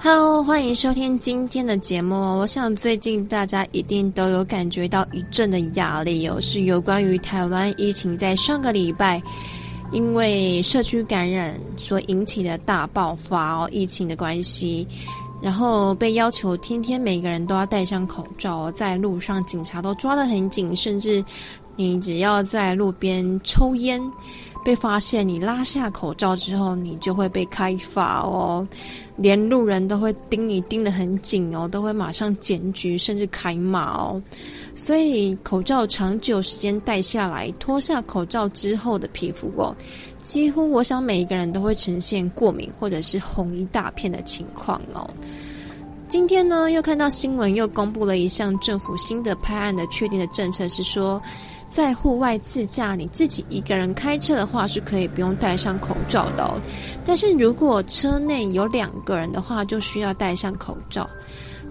哈嘍，歡迎收聽今天的節目。我想最近大家一定都有感覺到一陣的壓力哦，是有關於台灣疫情在上個禮拜因為社區感染所引起的大爆發哦，疫情的關係，然後被要求天天每個人都要戴上口罩哦，在路上警察都抓得很緊，甚至你只要在路邊抽煙被發現，你拉下口罩之後，你就會被開罰哦。連路人都會盯你盯得很緊哦，都會馬上檢舉甚至開罵哦，所以口罩長久時間戴下來，脫下口罩之後的皮膚哦，幾乎我想每一個人都會呈現過敏或者是紅一大片的情況哦。今天呢，又看到新聞，又公布了一項政府新的拍案的確定的政策，是說，在戶外自駕，你自己一個人開車的話是可以不用戴上口罩的哦。但是如果車內有兩個人的話，就需要戴上口罩。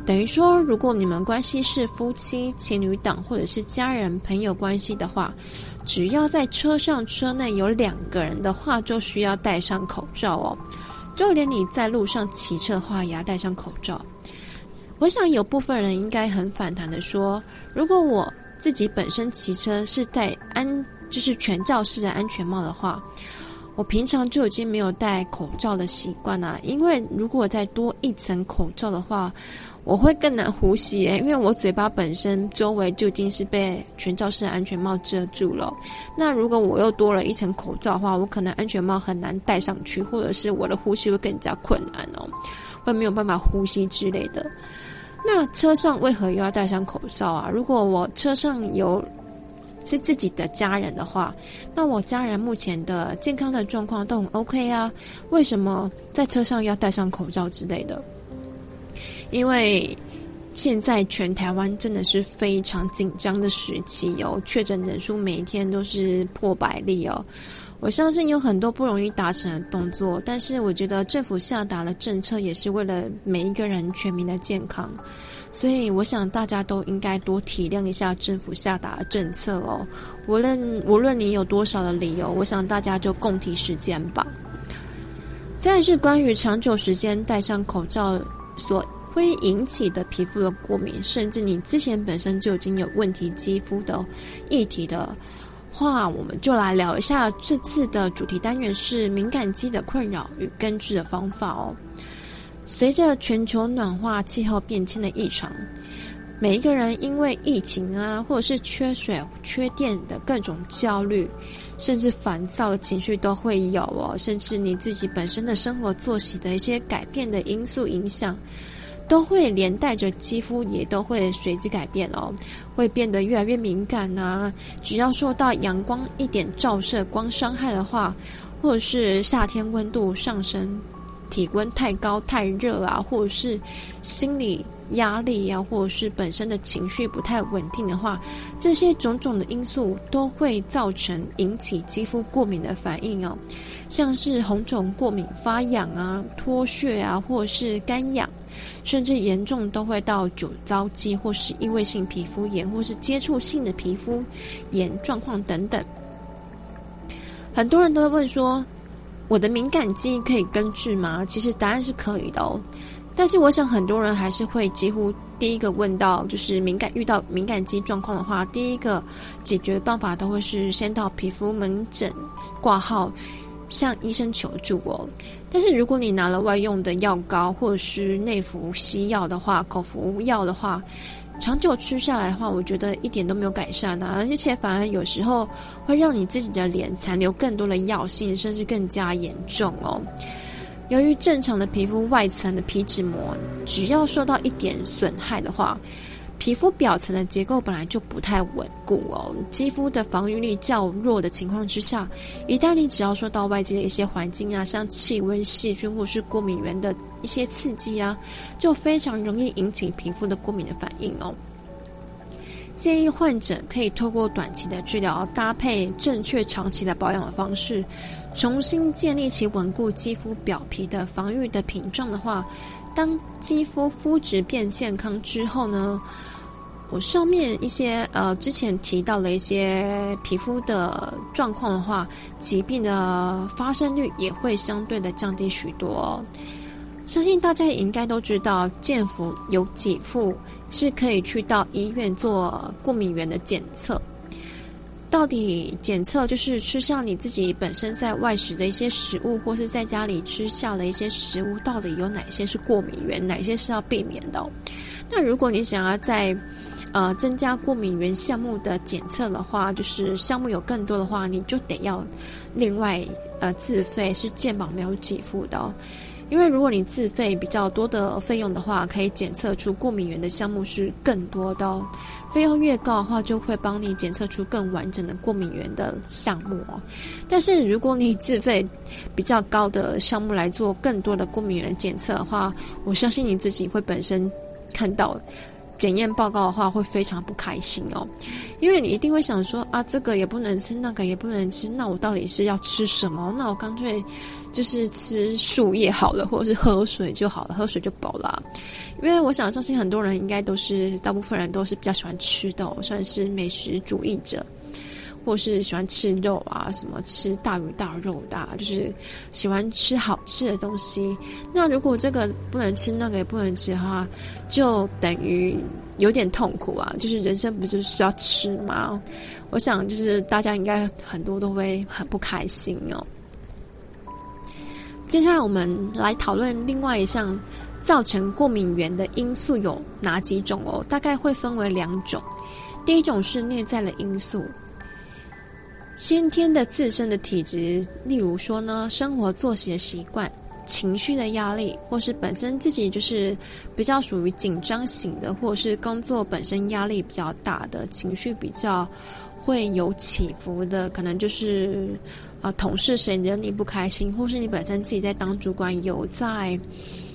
等於說，如果你們關係是夫妻、情侶檔或者是家人、朋友關係的話，只要在車上車內有兩個人的話，就需要戴上口罩哦。就連你在路上騎車的話，也要戴上口罩。我想有部分人應該很反彈的說，如果我自己本身騎車是戴安就是全罩式的安全帽的話，我平常就已經沒有戴口罩的習慣啦、啊。因為如果再多一層口罩的話，我會更難呼吸耶，因為我嘴巴本身周圍就已經是被全罩式的安全帽遮住了、哦。那如果我又多了一層口罩的話，我可能安全帽很難戴上去，或者是我的呼吸會更加困難哦，會沒有辦法呼吸之類的。那車上為何又要戴上口罩啊？如果我車上有是自己的家人的話，那我家人目前的健康的狀況都很 OK 啊，為什麼在車上要戴上口罩之類的？因為現在全台灣真的是非常緊張的時期哦，確診人數每天都是破百例哦。我相信有很多不容易達成的動作，但是我覺得政府下達的政策，也是為了每一個人、全民的健康，所以我想大家都應該多體諒一下政府下達的政策哦。無論無論你有多少的理由，我想大家就共體時艱吧。再來是關於長久時間戴上口罩所會引起的皮膚的過敏，甚至你之前本身就已經有問題肌膚的議題的話我們就來聊一下，這次的主題單元是敏感肌的困擾與根治的方法哦。隨着全球暖化、氣候變遷的異常，每一個人因為疫情啊，或者是缺水、缺電的各種焦慮，甚至煩躁的情緒都會有哦。甚至你自己本身的生活作息的一些改變的因素影響。都會連帶着肌膚也都會隨之改變哦，會變得越來越敏感吶。只要受到陽光一點照射光傷害的話，或者是夏天溫度上升，體溫太高太熱啊，或者是心理。壓力呀、啊，或者是本身的情緒不太穩定的話這些種種的因素都會造成引起肌膚過敏的反應哦，像是紅腫、過敏、發癢啊、脫屑啊，或是乾癢，甚至嚴重都會到酒糟肌，或是異位性皮膚炎，或是接觸性的皮膚炎狀況等等。很多人都會問說，我的敏感肌可以根治嗎？其實答案是可以的哦。但是我想，很多人還是會幾乎第一個問到，就是敏感，遇到敏感肌狀況的話，第一個解決的辦法都會是先到皮膚門診掛號，向醫生求助哦。但是如果你拿了外用的藥膏或是內服西藥的話，口服藥的話，長久吃下來的話，我覺得一點都沒有改善啊，而且反而有時候會讓你自己的臉殘留更多的藥性，甚至更加嚴重哦。由於正常的皮膚外層的皮脂膜，只要受到一點損害的話，皮膚表層的結構本來就不太穩固哦。肌膚的防禦力較弱的情況之下，一旦你只要受到外界的一些環境啊，像氣溫、細菌或是過敏原的一些刺激啊，就非常容易引起皮膚的過敏的反應哦。建議患者可以透過短期的治療搭配正確長期的保養的方式，重新建立起穩固肌膚表皮的防禦的屏障的話，當肌膚膚質變健康之後呢，我上面一些呃之前提到了一些皮膚的狀況的話，疾病的發生率也會相對的降低許多。相信大家也應該都知道，健保有給付，是可以去到醫院做過敏原的檢測。到底檢測就是吃上你自己本身在外食的一些食物，或是在家裡吃下的一些食物，到底有哪些是過敏原，哪些是要避免的哦。那如果你想要再呃增加過敏原項目的檢測的話，就是項目有更多的話，你就得要另外呃自費，是健保沒有給付的哦。因為如果你自費比較多的費用的話，可以檢測出過敏原的項目是更多的哦。費用越高的話，就會幫你檢測出更完整的過敏原的項目哦。但是如果你自費比較高的項目來做更多的過敏原檢測的話，我相信你自己會本身看到檢驗報告的話，會非常不開心哦。因為你一定會想說啊，這個也不能吃，那個也不能吃，那我到底是要吃什麼？那我乾脆就是吃樹葉好了，或者是喝水就好了，喝水就飽啦啊。因為我想相信很多人應該都是，大部分人都是比較喜歡吃的，我算是美食主義者。或是喜歡吃肉啊，什麼吃大魚大肉的啊，就是喜歡吃好吃的東西。那如果這個不能吃，那個也不能吃的話，就等於有點痛苦啊。就是人生不就是要吃嗎？我想，就是大家應該很多都會很不開心哦。接下來我們來討論另外一項造成過敏原的因素有哪幾種哦？大概會分為兩種，第一種是內在的因素。先天的自身的體質，例如說呢，生活作息的習慣、情緒的壓力，或是本身自己就是比較屬於緊張型的，或是工作本身壓力比較大的，情緒比較會有起伏的，可能就是啊、呃，同事誰惹你不開心，或是你本身自己在當主管有在。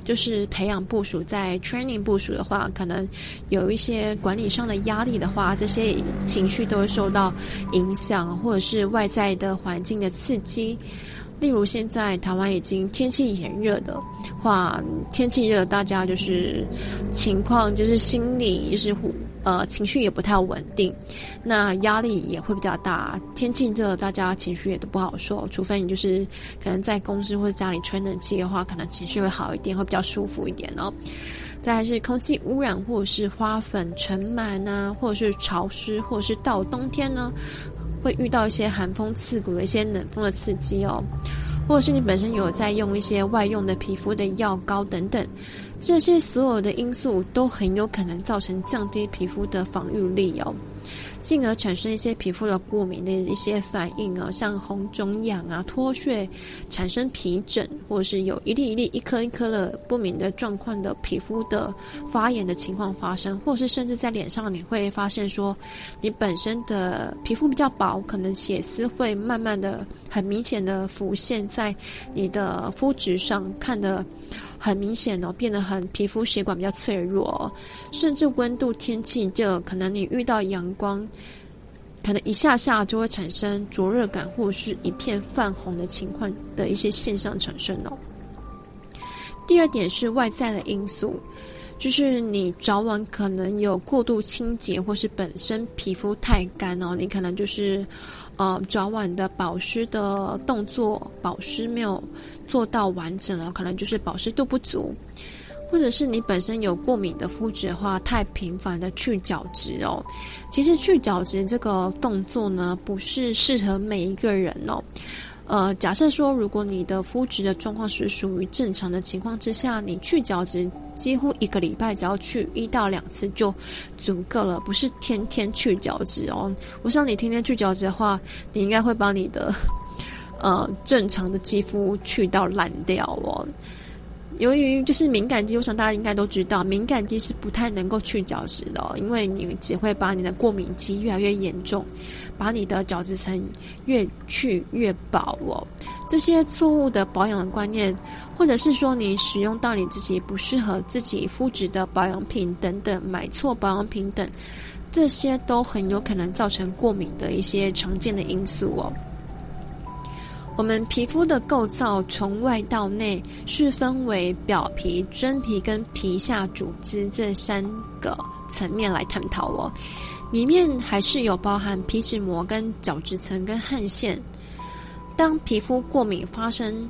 就是培養部署，在 training 部署的話，可能有一些管理上的壓力的話，這些情緒都會受到影響，或者是外在的環境的刺激。例如，現在台灣已經天氣炎熱的話，天氣熱，大家就是情況就是心理就是。呃，情緒也不太穩定，那壓力也會比較大。天氣熱，大家情緒也都不好受，除非你就是可能在公司或者家裡吹冷氣的話，可能情緒會好一點，會比較舒服一點哦。再來是空氣污染，或者是花粉、塵蟎啊，或者是潮濕，或者是到冬天呢，會遇到一些寒風刺骨的一些冷風的刺激哦，或者是你本身有在用一些外用的皮膚的藥膏等等。這些所有的因素都很有可能造成降低皮膚的防禦力哦，進而產生一些皮膚的過敏的一些反應啊、哦，像紅腫、癢啊、脫屑，產生皮疹，或者是有一粒一粒、一顆一顆的不明的狀況的皮膚的發炎的情況發生，或是甚至在臉上你會發現說，你本身的皮膚比較薄，可能血絲會慢慢的、很明顯的浮現在你的膚質上，看的。很明顯哦，變得很皮膚血管比較脆弱，哦，甚至溫度天氣熱，可能你遇到陽光，可能一下下就會產生灼熱感或是一片泛紅的情況的一些現象產生哦。第二點是外在的因素。就是你早晚可能有過度清潔，或是本身皮膚太乾哦，你可能就是，呃，早晚的保濕的動作保濕沒有做到完整哦，可能就是保濕度不足，或者是你本身有過敏的膚質的話，太頻繁的去角質哦。其實去角質這個動作呢，不是適合每一個人哦。呃，假設說，如果你的膚質的狀況是屬於正常的情況之下，你去角質幾乎一個禮拜，只要去一到兩次就足夠了，不是天天去角質哦。我想你天天去角質的話，你應該會把你的呃正常的肌膚去到爛掉哦。由於就是敏感肌，我想大家應該都知道，敏感肌是不太能夠去角質的哦。因為你只會把你的過敏肌越來越嚴重，把你的角質層越去越薄哦。這些錯誤的保養的觀念，或者是說你使用到你自己不適合自己膚質的保養品等等，買錯保養品等，這些都很有可能造成過敏的一些常見的因素哦。我們皮膚的構造從外到內是分為表皮、真皮跟皮下組織這三個層面來探討哦。裡面還是有包含皮脂膜、跟角質層跟汗腺。當皮膚過敏發生，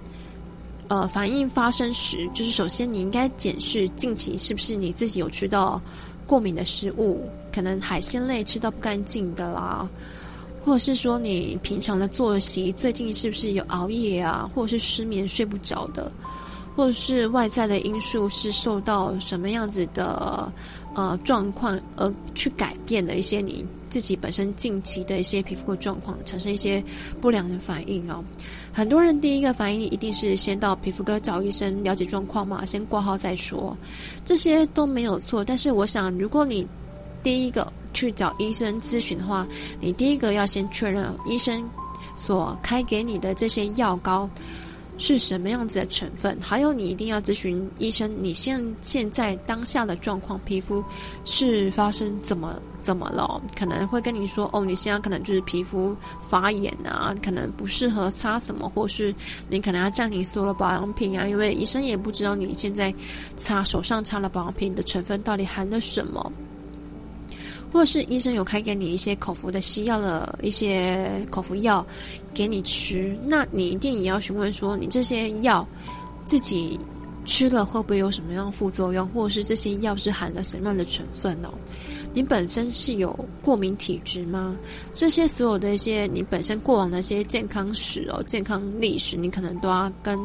呃，反應發生時，就是首先你應該檢視近期是不是你自己有吃到過敏的食物，可能海鮮類吃到不乾淨的啦。或者是說你平常的作息最近是不是有熬夜啊，或者是失眠睡不着的，或者是外在的因素是受到什麼樣子的呃狀況，而去改變的一些你自己本身近期的一些皮膚的狀況，產生一些不良的反應哦。很多人第一個反應一定是先到皮膚科找醫生了解狀況嘛，先掛號再說，這些都沒有錯。但是我想，如果你第一個。去找醫生諮詢的話，你第一個要先確認醫生所開給你的這些藥膏是什麼樣子的成分，還有你一定要諮詢醫生，你現在現在當下的狀況，皮膚是發生怎麼怎麼了？可能會跟你說，哦，你現在可能就是皮膚發炎啊，可能不適合擦什麼，或是你可能要暫停所有的保養品啊，因為醫生也不知道你現在擦手上擦了保養品你的成分到底含了什麼。或者是醫生有開給你一些口服的西藥的一些口服藥給你吃，那你一定也要詢問說，你這些藥自己吃了會不會有什麼樣的副作用，或者是這些藥是含了什麼樣的成分哦？你本身是有過敏體質嗎？這些所有的一些你本身過往的一些健康史哦、健康歷史，你可能都要跟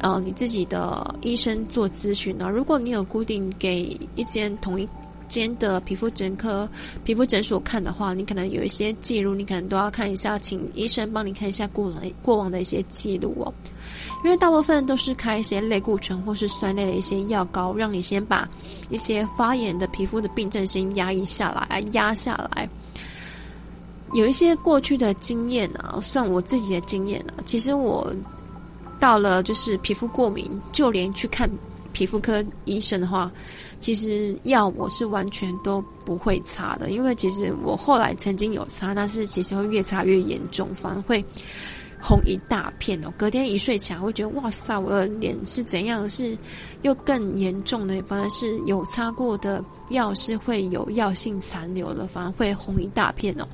呃你自己的醫生做諮詢呢、哦。如果你有固定給一間同一。間的皮膚診科、皮膚診所看的話，你可能有一些記錄，你可能都要看一下，請醫生幫你看一下過來過往的一些記錄哦。因為大部分都是開一些類固醇或是酸類的一些藥膏，讓你先把一些發炎的皮膚的病症，先壓抑下來，壓下來。有一些過去的經驗啊，算我自己的經驗啊。其實我到了就是皮膚過敏，就連去看皮膚科醫生的話。其實藥我是完全都不會擦的，因為其實我後來曾經有擦，但是其實會越擦越嚴重，反而會紅一大片哦。隔天一睡起來會覺得，哇塞，我的臉是怎樣？是又更嚴重的，反而是有擦過的藥是會有藥性殘留的，反而會紅一大片哦。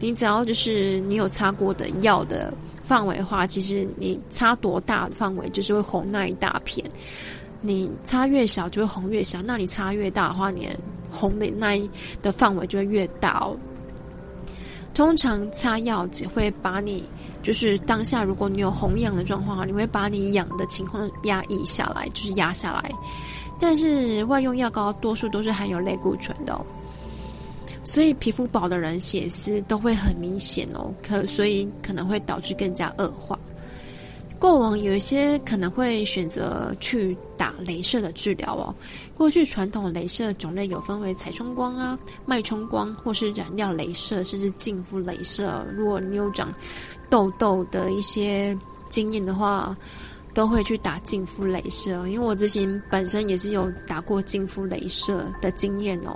你只要就是你有擦過的藥的範圍的話，其實你擦多大的範圍就是會紅那一大片。你擦越小就會紅越小，那你擦越大的話，你的紅的那一的範圍就會越大哦。通常擦藥只會把你就是當下，如果你有紅癢的狀況，你會把你癢的情況壓抑下來，就是壓下來。但是外用藥膏多數都是含有類固醇的哦，所以皮膚薄的人血絲都會很明顯哦，可所以可能會導致更加惡化。過往有一些可能會選擇去打鐳射的治療哦。過去傳統鐳射種類有分為彩衝光啊、脈衝光或是染料鐳射，甚至淨膚鐳射。如果你有長痘痘的一些經驗的話，都會去打淨膚鐳射，因為我之前本身也是有打過淨膚鐳射的經驗哦。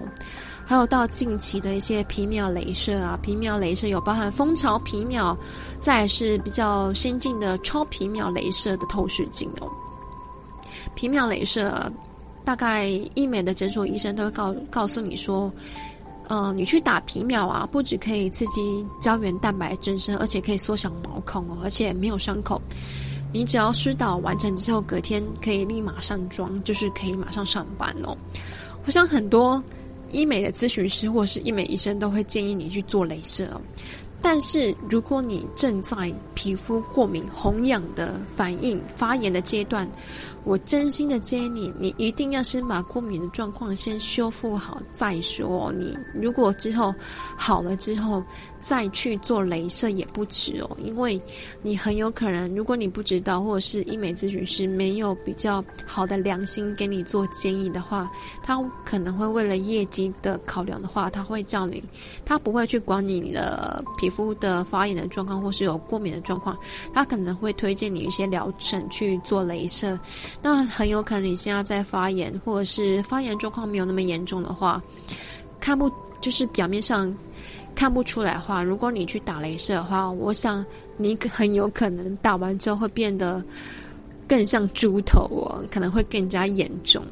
還有到近期的一些皮秒鐳射啊，皮秒鐳射有包含蜂巢皮秒，再是比較先進的超皮秒鐳射的透視鏡哦。皮秒鐳射，大概醫美的診所醫生都會告告訴你說，呃，你去打皮秒啊，不只可以刺激膠原蛋白增生，而且可以縮小毛孔哦，而且沒有傷口。你只要疏導完成之後，隔天可以立馬上妝，就是可以馬上上班哦。我想很多醫美的諮詢師或是醫美醫生都會建議你去做鐳射，但是如果你正在皮膚過敏、紅癢的反應、發炎的階段，我真心的建議你，你一定要先把過敏的狀況先修復好再說。你如果之後好了之後。再去做雷射也不遲哦，因為你很有可能，如果你不知道，或者是醫美諮詢師沒有比較好的良心給你做建議的話，他可能會為了業績的考量的話，他會叫你，他不會去管你的皮膚的發炎的狀況，或是有過敏的狀況，他可能會推薦你一些療程去做雷射。那很有可能你現在在發炎，或者是發炎狀況沒有那麼嚴重的話，看不就是表面上。看不出來的話，如果你去打雷射的話，我想你很有可能打完之後會變得更像豬頭哦，可能會更加嚴重。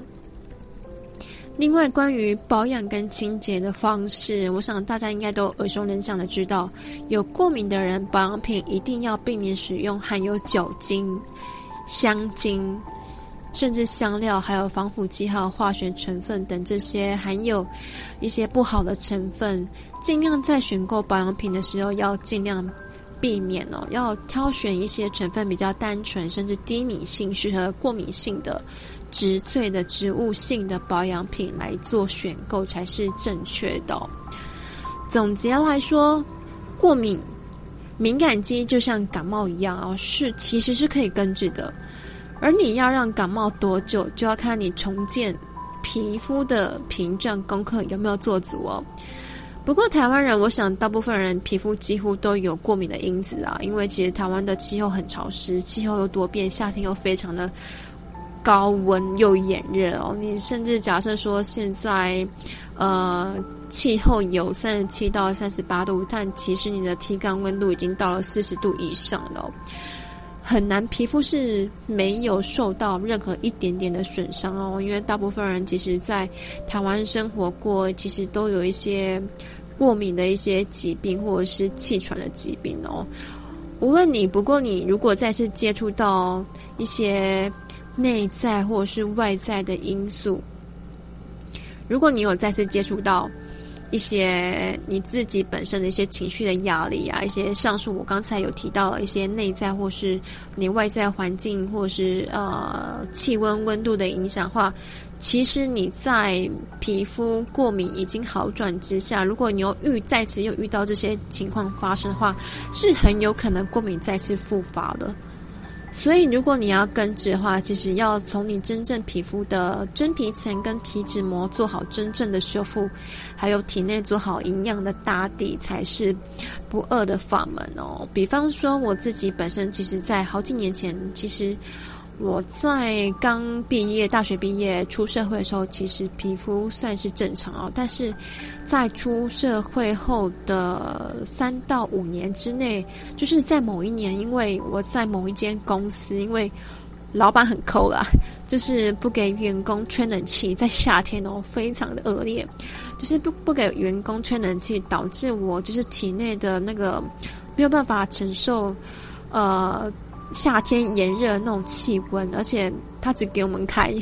另外，關於保養跟清潔的方式，我想大家應該都耳熟能詳的知道，有過敏的人保養品一定要避免使用含有酒精、香精、甚至香料，還有防腐劑、還有化學成分等這些含有一些不好的成分。儘量在選購保養品的時候，要儘量避免哦，要挑選一些成分比較單純，甚至低敏性、適合過敏性的植萃的植物性的保養品來做選購才是正確的哦。總結來說，過敏、敏感肌就像感冒一樣哦，是其實是可以根治的，而你要讓感冒多久，就要看你重建皮膚的屏障功課有沒有做足哦。不過，台灣人，我想大部分人皮膚幾乎都有過敏的因子啊，因為其實台灣的氣候很潮濕，氣候又多變，夏天又非常的高溫又炎熱哦。你甚至假設說現在，呃，氣候有三十七到三十八度，但其實你的體感溫度已經到了四十度以上了，很難皮膚是沒有受到任何一點點的損傷哦，因為大部分人其實，在台灣生活過，其實都有一些。過敏的一些疾病，或者是氣喘的疾病哦。無論你，不過你如果再次接觸到一些內在或是外在的因素，如果你有再次接觸到一些你自己本身的一些情緒的壓力啊，一些上述我剛才有提到的一些內在或是你外在環境或，或是呃氣溫溫度的影響的話。其實你在皮膚過敏已經好轉之下，如果你又遇再次又遇到這些情況發生的話，是很有可能過敏再次復發的。所以如果你要根治的話，其實要從你真正皮膚的真皮層跟皮脂膜做好真正的修復，還有體內做好營養的打底，才是不二的法門哦。比方說我自己本身，其實在好幾年前，其實。我在剛畢業、大學畢業出社會的時候，其實皮膚算是正常哦。但是，在出社會後的三到五年之內，就是在某一年，因為我在某一間公司，因為老闆很摳啦，就是不給員工吹冷氣，在夏天哦，非常的惡劣，就是不不給員工吹冷氣，導致我就是體內的那個沒有辦法承受，呃。夏天炎熱那種氣溫，而且他只給我們開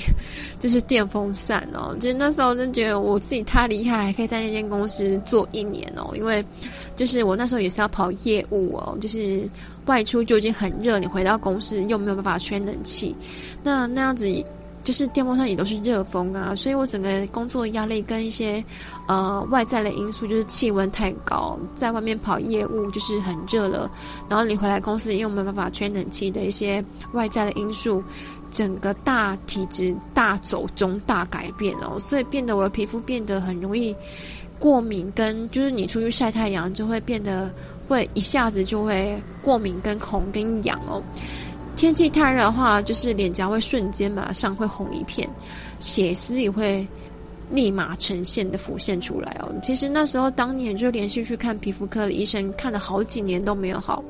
就是電風扇哦。其實那時候我真覺得我自己太厲害，還可以在那間公司做一年哦。因為就是我那時候也是要跑業務哦，就是外出就已經很熱，你回到公司又沒有辦法吹冷氣，那那樣子。就是電風扇也都是熱風啊，所以我整個工作壓力跟一些，呃，外在的因素就是氣溫太高，在外面跑業務就是很熱了，然後你回來公司，因為沒辦法吹冷氣的一些外在的因素，整個大體質大走鐘、大改變哦，所以變得我的皮膚變得很容易過敏，跟就是你出去曬太陽就會變得會一下子就會過敏跟紅跟癢哦。天氣太熱的話，就是臉頰會瞬間馬上會紅一片，血絲也會立馬呈現的浮現出來哦。其實那時候當年就連續去看皮膚科的醫生，看了好幾年都沒有好。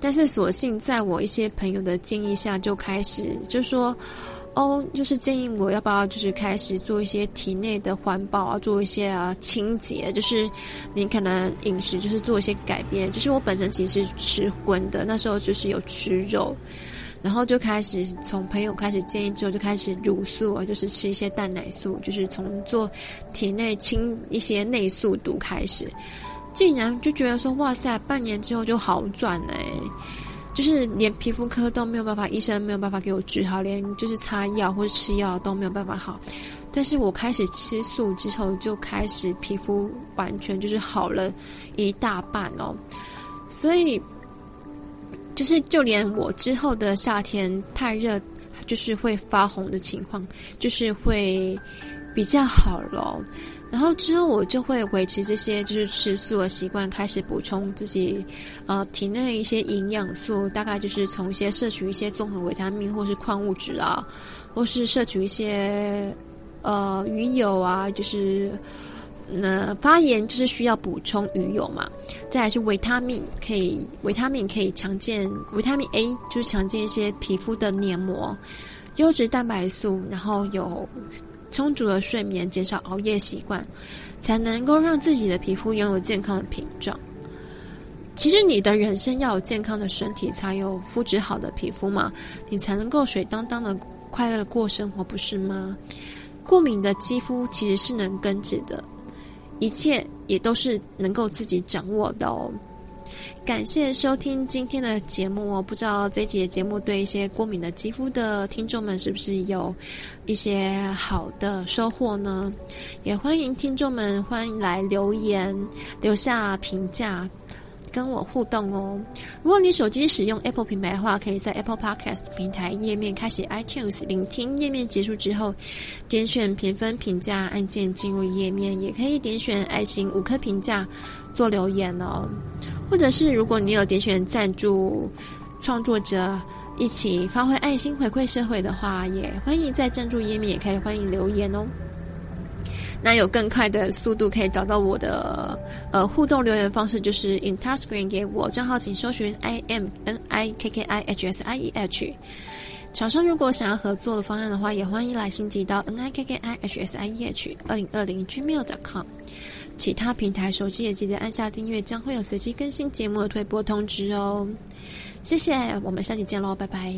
但是所幸在我一些朋友的建議下，就開始就說。哦，就是建議我要不要就是開始做一些體內的環保啊，做一些啊清潔，就是你可能飲食就是做一些改變，就是我本身其實是吃葷的，那時候就是有吃肉，然後就開始從朋友開始建議之後，就開始乳素啊，就是吃一些蛋奶素，就是從做體內清一些內素毒開始，竟然就覺得說哇塞，半年之後就好轉欸。就是連皮膚科都沒有辦法，醫生沒有辦法給我治好，連就是擦藥或者吃藥都沒有辦法好。但是我開始吃素之後，就開始皮膚完全就是好了一大半哦。所以，就是就連我之後的夏天太熱，就是會發紅的情況，就是會比較好咯。然後之後我就會維持這些就是吃素的習慣，開始補充自己，呃，體內的一些營養素，大概就是從一些攝取一些綜合維他命或是礦物質啊，或是攝取一些，呃，魚油啊，就是，那發炎就是需要補充魚油嘛，再來是維他命，可以維他命可以強健維他命 A 就是強健一些皮膚的黏膜，優質蛋白素，然後有。充足的睡眠，減少熬夜習慣，才能夠讓自己的皮膚擁有健康的屏障。其實，你的人生要有健康的身體，才有膚質好的皮膚嘛，你才能夠水當當的快樂過生活，不是嗎？過敏的肌膚其實是能根治的，一切也都是能夠自己掌握的哦。感謝收聽今天的節目哦，不知道這節節目對一些過敏的肌膚的聽眾們是不是有一些好的收穫呢？也歡迎聽眾們歡迎來留言留下評價。跟我互動哦！如果你手機使用 Apple 品牌的話，可以在 Apple Podcast 平台頁面開啟 iTunes 聆聽頁面。結束之後，點選評分評價按鍵進入頁面，也可以點選愛心五顆評價做留言哦。或者是如果你有點選贊助創作者，一起發揮愛心回饋社會的話，也歡迎在贊助頁面也可以歡迎留言哦。那有更快的速度可以找到我的，呃，互動留言方式就是 entire screen 給我賬號，請搜尋 i m n i k k i h s i e h。廠商如果想要合作的方案的話，也歡迎來信寄到 n i k k i h s i e h 二零二零 gmail.com。其他平台手機也記得按下訂閱，將會有隨機更新節目的推播通知哦。謝謝，我們下期見嘍，拜拜。